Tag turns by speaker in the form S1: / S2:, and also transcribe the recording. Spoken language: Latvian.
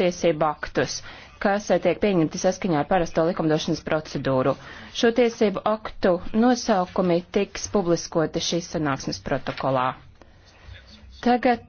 S1: tiesību aktus, kas eh, tiek pieņemti saskaņā ar parasto likumdošanas procedūru. Šo tiesību aktu nosaukumi tiks publiskoti šīs sanāksmes protokolā.
S2: Tagad